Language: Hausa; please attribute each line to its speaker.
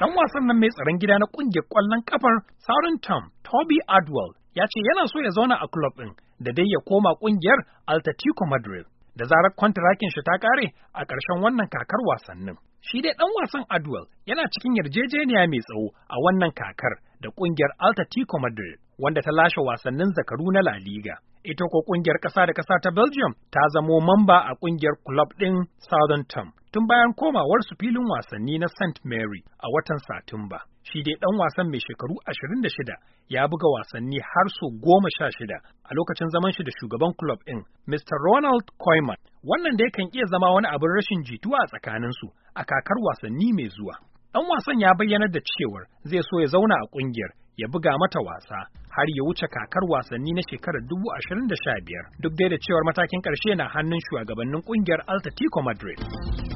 Speaker 1: Dan wasan nan mai tsaron gida na kungiyar kwallon kafar Southampton Toby Adwell ya ce yana so ya zauna a club ɗin da dai ya koma kungiyar Altatico Madrid. Da zarar kwantarakin shi ta kare a ƙarshen wannan kakar wasannin. Shi dai ɗan wasan Adwell yana cikin yarjejeniya mai tsawo a wannan kakar da ƙungiyar Altatico Madrid wanda ta lashe wasannin zakaru na La Liga. Ita ko ƙungiyar ƙasa da ƙasa ta Belgium ta zamo mamba a ƙungiyar club ɗin Southampton tun bayan su filin wasanni na St. Mary a watan Satumba. Shi dai ɗan wasan mai shekaru ashirin da shida ya buga wasanni har so goma sha shida a lokacin zaman shi da shugaban club ɗin, Mr. Ronald Koyman. Wannan da yakan iya zama wani abin rashin jituwa a tsakaninsu a kakar wasanni mai zuwa. Ɗan wasan ya bayyanar da cewar zai so ya zauna a ƙungiyar ya buga mata wasa har ya wuce kakar wasanni na shekarar dubu ashirin biyar. duk dai da cewar matakin ƙarshe na hannun shugabannin ƙungiyar altatico Madrid.